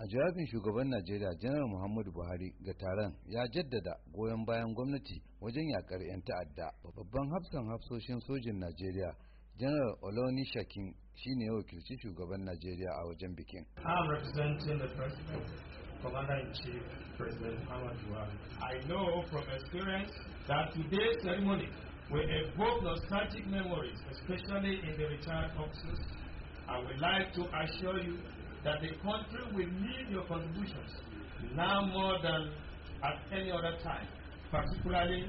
a jawabin shugaban najeriya janar muhammadu buhari ga taron ya jaddada goyon bayan gwamnati wajen yakar 'yan ta'adda babban hafsan hafsoshin sojin najeriya janar oloni shakin shine ya wakilci shugaban najeriya a wajen bikin Commander-in-Chief President Muhammad Buhari. I know from experience that today's ceremony will evoke nostalgic memories, especially in the retired officers. I would like to assure you that the country will need your contributions now more than at any other time, particularly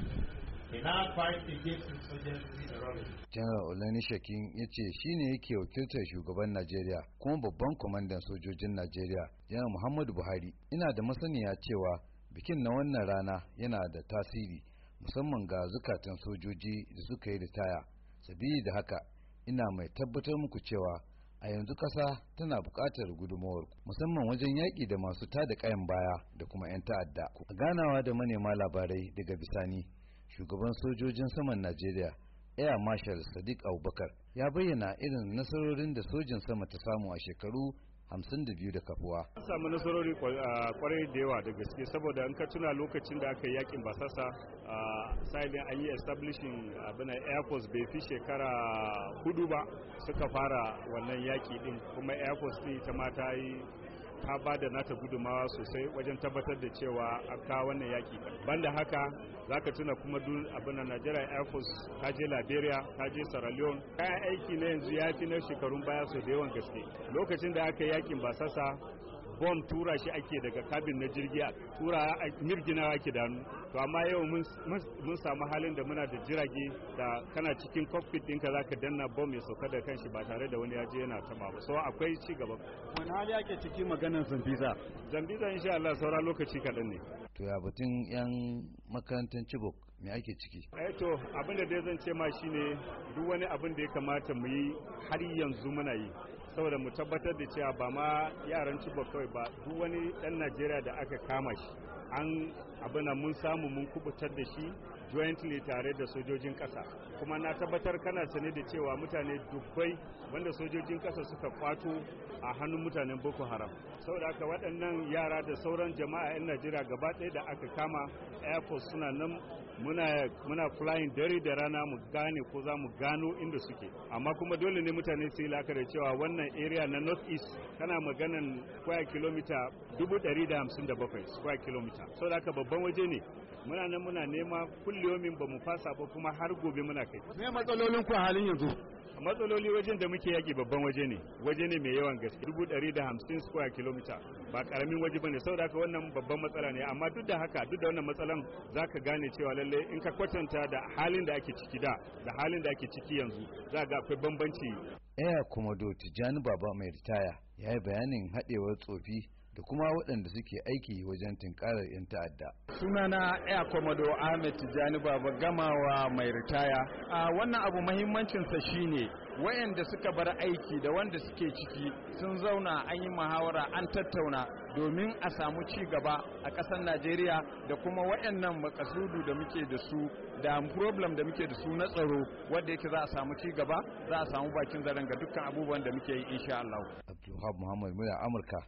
in our fight against insurgency terrorism. General Olani Shekin ya ce shi ne yake wakiltar shugaban Najeriya kuma babban kwamandan sojojin Najeriya yana Muhammadu Buhari. Ina da masaniya cewa bikin na wannan rana yana da tasiri musamman ga zukatan sojoji da suka yi ritaya. sabi da haka ina mai tabbatar muku cewa a yanzu kasa tana buƙatar gudunmawar musamman wajen yaƙi da masu tada kayan baya da kuma 'yan ta'adda a ganawa da manema labarai daga bisani shugaban sojojin saman najeriya air marshal sadiq abubakar ya bayyana irin nasarorin da sojin sama ta samu a shekaru hamsin da biyu da kafuwa. An samu nasarori kwarai da yawa da gaske saboda an ka tuna lokacin da aka yi yakin basasa a sa'ilin an yi establishing abin air force bai fi shekara hudu ba suka fara wannan yaki din kuma air force ta mata yi ta ba da nata gudummawa sosai wajen tabbatar da cewa a kawo wannan yaki banda haka za ka tuna kuma duk abin da Nigeria Air Force ta je Liberia ta je Sierra Leone kayan aiki na yanzu ya fi na shekarun baya sau da yawan gaske lokacin da aka yakin basasa bom tura shi ake daga kabin na jirgi a tura a mirgina ake da to amma yau mun samu halin da muna da jirage da kana cikin cockpit ɗinka za ka danna bom ya sauka da kanshi ba tare da wani ya yana taba ba so akwai ci gaba wani hali ake ciki maganar zambiza zambiza insha Allah saura lokaci kaɗan ne to ya batun yan makarantar cibok me ake ciki eh to abin da dai zan ce ma shine duk wani abin da ya kamata mu yi har yanzu muna yi saboda mu tabbatar da cewa ba ma yaran cibo kawai ba duk wani dan najeriya da aka kama shi an abinan mun samu mun kubutar da shi jointly tare da sojojin kasa kuma na tabbatar kana sane da cewa mutane dubbai wanda sojojin kasa suka kwato a hannun mutanen boko haram saboda haka waɗannan yara da sauran jama'a 'yan najeriya gaba ɗaya da aka kama air suna nan muna muna flying dare da rana mu gane ko za mu gano inda suke amma kuma dole ne mutane su yi la'akari cewa wannan area na north east kana maganan kwaya kilomita 157 square kilomita so da haka babban waje ne muna nan muna nema kulliyomin ba mu fasa ba kuma har gobe muna kai me matsalolin ku a halin yanzu matsaloli wajen da muke yaki babban waje ne waje ne mai yawan gaske dubu ɗari da hamsin square kilometer ba karamin waje bane saboda haka wannan babban matsala ne amma duk da haka duk da wannan matsalan ka gane cewa lalle in ka kwatanta da halin da ake ciki da da halin da ake ciki yanzu za ga akwai bambanci kuma Commodore Tijjani Baba mai ritaya ya yi bayanin haɗewar tsofi da kuma waɗanda suke aiki wajen tinkarar 'yan ta'adda. sunana air komodo ahmed tijjani baba gamawa mai ritaya a wannan abu mahimmancinsa shine wayanda suka bar aiki da wanda suke ciki sun zauna an yi muhawara an tattauna domin a samu ci gaba a ƙasar najeriya da kuma wayannan makasudu da muke da su da problem da muke da su na tsaro wanda yake za a samu ci gaba za a samu bakin zaren ga dukkan abubuwan da muke yi insha Allah. Abdulhab Muhammad Mura Amurka